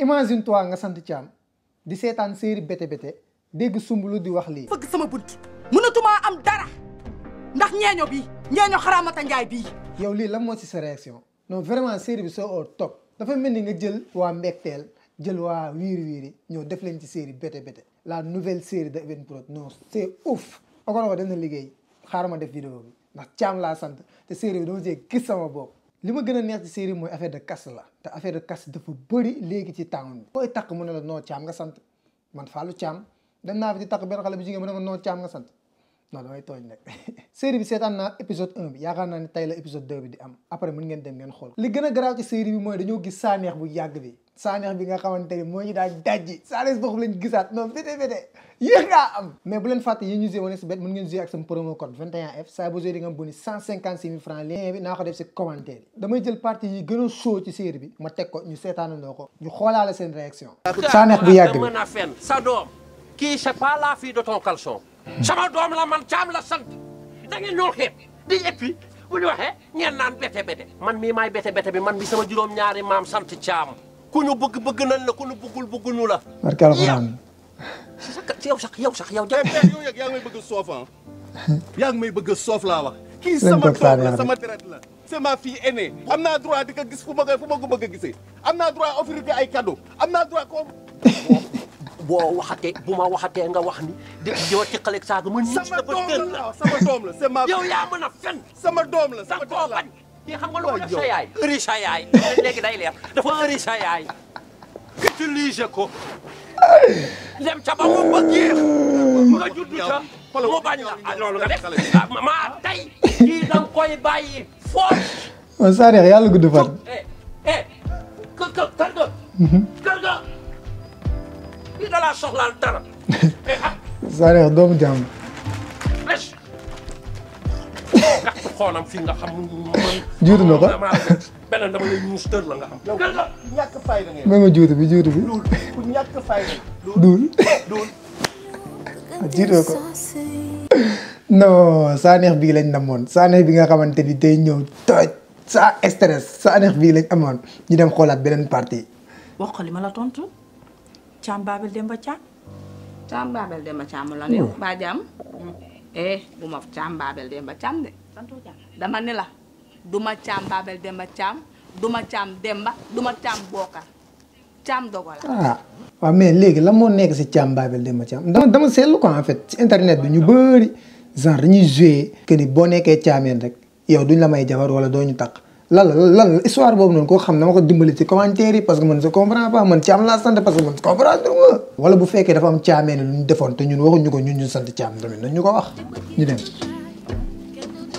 imagine toi nga sant Thiam di seetaan série bete bété dégg Soumboulou di wax lii. fëgg sama bunt mënatumaa am dara ndax ñeeño bii ñeeño xaraamata njaay bii. yow lii lan moo ci sa réaction non vraiment série bi soo oo topp dafa mel ni nga jël waa Mbegteel jël waa Wiiri Wiiri ñëw def leen ci série bété bété la nouvelle série de Evenprod non c'est ouf. Okoro ko def na liggéey xaaral ma def vidéo bi ndax Thiam laa sant te série bi doo see gis sama li ma gën a neex ci série mooy affaire de caste la te affaire de caste dafa bëri léegi ci town bi koy takk mu ne la noo caam nga sant man Fallou Thiam dem naa fi ci takk benn xale bu jigéen mu ne noo caam nga sant non damay tooñ nag série bi seetaan naa épisode 1 bi yaakaar naa ne tey la épisode 2 di am après mën ngeen dem ngeen xool li gën a garaaw ci série bi mooy dañoo gis saaneex bu yàgg bi saaneex bi nga xamante ni moo ñu daal dajji saaneex boobu lañ gisaat non fété fété yéex ngaa am mais bu leen fàtte yéen ñu joué Onesbet mën ngeen joué ak sama promo code 21F saa boo joué di nga am boni 156 ko def si commentaire ma ko ñu seetaanandoo seen réaction saaneex bu yàgg bi mën a fen sa doom kii c'est pas la fille de ton caleçon sama doom la man caam la sant da ngeen ñoo xeeb man mii maay bete bete juróom ñaari maam sant caam ku ñu bëgg bëgg nañ la ku ñu bëggul bëgguñu la. barke alxuraan. yow sax yow sax yow jafe eh, yow yaa ngi may bëgg a soof ah. yaa ngi a soof laa wax. kii sama doom la sama deret la. c'est ma fille aînée am naa droit di ko gis fu ma ko ma bëgg a gisee am naa droit offrir ko ay cadeau am naa droit ko. boo bu ma waxatee nga wax ni di diwa teqaleeg saaga mën. sama doom la sama doom la c'est ma. yow yaa a sama doom la sama doom la kii xam nga lu ko def sa yaay ëri sa yaay léegi day leer dafa ëri ko dem ca ba mu ba jeex nga judd ca mu bañ la ah loolu nga def maa tey kii da nga koy bàyyi force man saa neex yàlla gudd fan eh kër ga kër ga kër ga kii da laa soxlaal dara xoonam fii nga xam. juutu na ko beneen dama lay ñuus la nga juutu bi juutu bi. duul ku ñàkk fay da duul duul. jiitoo ko non Sanekh bii lañ namoon Sanekh bi nga xamante ni day ñëw toj sans stress bii lañ amoon ñu dem xoolaat beneen partie. wax ko li ma la tontu Thiam Babel Demba Thiam. Thiam Babel Demba Thiam la ne. Oh. ba jàmm eh bu ma Thiam Babel Demba Thiam de. dama ni la duma caam Babel Demba Caam duma caam Demba duma caam Bokar caam dogo la. ah waaw mais léegi la moo nekk si caam Babel Demba Caam dama dama seetlu ko en fait ci internet bi ñu bëri genre dañuy joué que ni boo nekkee caameen rek yow duñ la may jabar wala doo ñu taq lan la lan la histoire boobu noonu koo xam dama ko dimbali ci commentaire yi parce que man je comprends pas man caam laa sant parce que man comprendre ma. wala bu fekkee dafa am caameen lu ñu defoon te ñun waxuñu ko ñun ñu sant caam tamit nañ ñu ko wax ñu dem.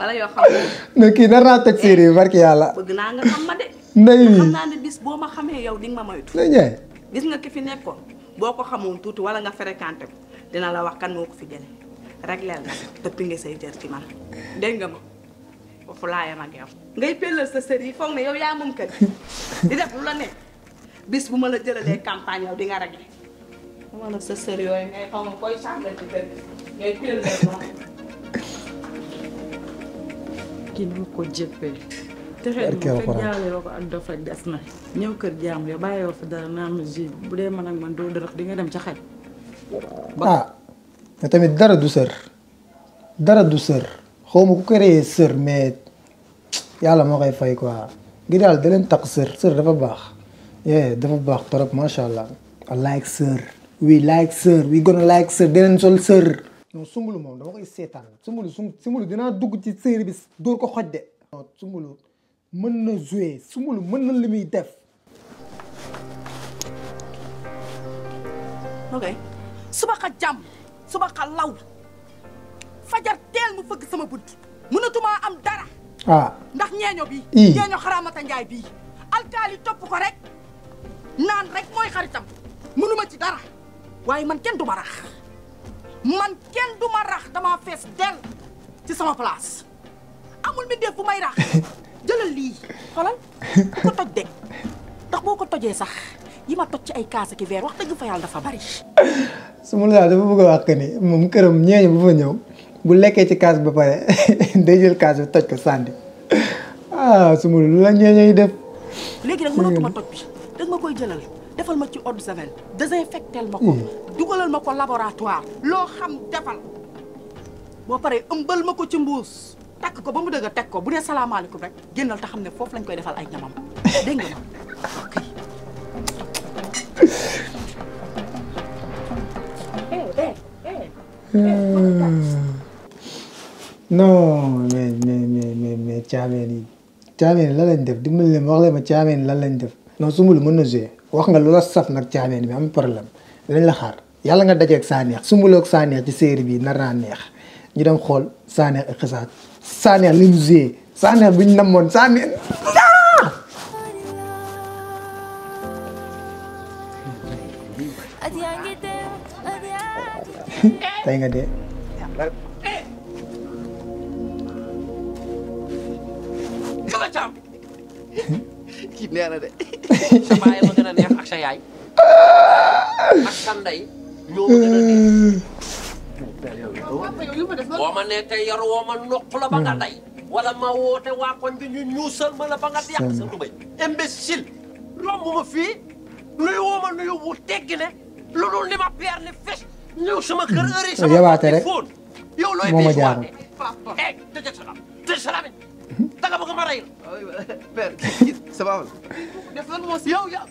wala kita xam ne. ne kii nar naa toj barki yàlla. bëgg naa nga xam ma de. ndey bis nggak ma yow di ma moytu. ndey Ndiaye. gis nga ki fi nekkoon boo xamoon tuuti wala nga fréquenté dina la wax kan moo fi jëlee rek say jër ci man bis bu la jëlalee campagne yow di nga réglé. wala sa sër yooyu ngay koy kii na ko jëppee. te xel moom fekk jaawale ko ak dof rek des na. ñëw kër jaam yow bàyyiwoo fa dara naa ma ji bu dee man ak man doo dërëx di nga dem ca xaj. ah te tamit dara du sër dara du sër xaw ma kër créé sër mais yàlla moo koy fay quoi gi daal da leen tax sër sër dafa baax. yeah dafa baax trop macha allah. I like sër. we like sër we gonna like sër dinañ sol sër. non sumbulu moom dama seetaan sumbulu su sumbulu dinaa dugg ci série dóor ko xoj de mën na jouer sumbulu mën na li muy def ok suba xa jàmm suba xa law fajar teel mu fëgg sama bunt mënatumaa am dara ah ndax ñeeño bi ñeeño xaraamata njaay bii alkaali topp ko rek naan rek mooy xaritam mënuma ci dara waaye man kenn du rax man kenn duma rax dama fess del ci sama place amul mi def fumay rax jeulal li xolal ko toj de tax boko toje sax yima toj ci ay kaas ki ver wax deug fa yalla dafa bari sumu la dafa bëgg wax ni mum kërëm ñeñu bu fa ñew bu lekké ci kaas ba paré day jël kaas bi toj ko sandi ah sumu ma lu la ñeeñu yi def léegi nag mënatuma toj bi dag ma koy jëlal defal ma ci eau de javel désinfectel ma ko. Mm. dugalal ma ko laboratoire. loo xam defal boo paree ëmbal ma ko ci mbuus. takk ko ba mu dëgg teg ko bu dee salaamaaleykum rek génnal te xam ne foofu lañ koy defal ay ñamam dégg nga ma. Eh, eh, eh, hmm. non mais mais mais mais caameen yi caameen lan lañ def dimbali leen wax leen ma caameen lan lañ def. non Soumboulou mën na jouer wax nga lu la saf nag caaneen bi am problème dinañ la xaar yàlla nga dajeeg Sanex Soumboulou ak Sanex ci série bi nar naa neex ñu dem xool Sanex ak Xisaar Sanex li mu jouer Sanex bi namoon Sanex. tey nga dee. na de. sa baay ma gën a neex ak sa yaay ak sa ndey ñoo ma gën a neex. boo ma nee tey yaru woo ma noq la ba nga day wala ma woote waa koñ bi ñu ñuusal ma la ba nga yàq sa tubay imbécile romb ma fii nuyu woo ma nuyu bu teggi ne lu dul li ma peer ni fes ñëw sama kër heure yi sama yabaate rek yow looy moo ma jaar danga bëgg ma rey la. père sabaabu la. def lan moo si yow yow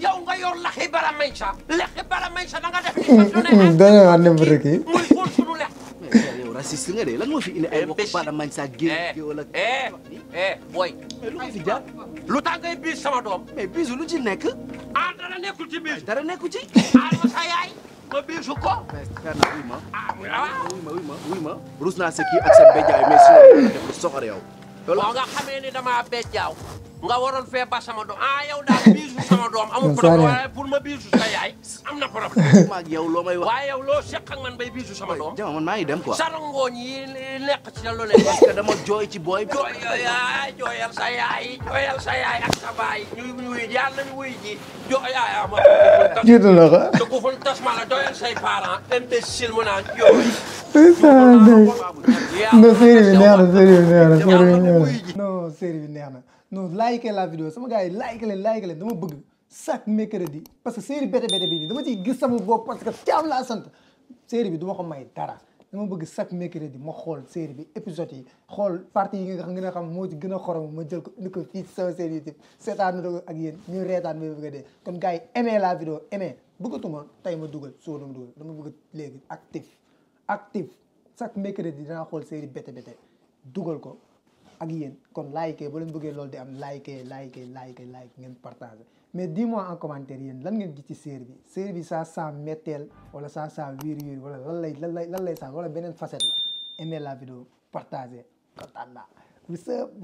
yow nga yor laxi bara mancha. laxi bara mancha da nga def. da nga wax n'importe qui. muy xool sunu lex. yow raciste nga de lan moo fi indi ay mbokk eh, bara mancha géej eh, wala. eh eh booy. lu ma fi jaar. lu tax ngay biis sama doom. mais biisu lu ci nekk. ah dara nekkul ci biis. dara nekkul ci. allo ah, sa yaay. ma biisu ko. ah wuy ma wuy ma wuy ma. rus naa sa kii ak sa béjaay mais sinon def lu soxor yow. waaw nga xamee ni damaa nga waroon fee ba sama doom ah yow daal biisu sama doom amul problème waaye pour ma biisu sa yaay am na problème maag yow loo may wax waaye yow loo seq ak man bay biisu sama doom jama man maa ngi dem quoi sarangooñ yi nekk ci sa lu ne parce que dama jooy ci booy jooy yaay jooyal sa yaay jooyal sa yaay ak sa baay ñuy wuy ji yàlla nañu wuy ji jooy yaay ama jiitu na ko te ku ful tas ma la jooyal say parents imbécile mu naan jooy non série bi neex na série bi neex na série bi neex na non série bi neex na non like la vidéo sama gars yi like leen like leen dama bëgg chaque mercredi parce que série bete bete bi nii dama ciy gis sama bopp parce que caam laa sant série bi duma ko may dara dama bëgg chaque mercredi ma xool série bi épisode yi xool partie yi nga xam nga xam moo ci gën a xorom ma jël ko indi ko fii sama série YouTube seetaan na ak yéen ñu reetaan ba bëgg a dee kon gars yi aimé la vidéo aimé bëggatuma tey ma dugal soo dama dugal dama bëgg léegi actif actif chaque mercredi dinaa xool série bete bete dugal ko ak yéen kon like ba leen bëggee loolu di am like like like like ngeen partager mais dis-moi en commentaire yéen lan ngeen gis ci série bi série bi saa saa metteel wala saa saa wiir wiir wala lan lay lan lay lan lay saa wala beneen facette la aimer la vidéo partager kontaan naa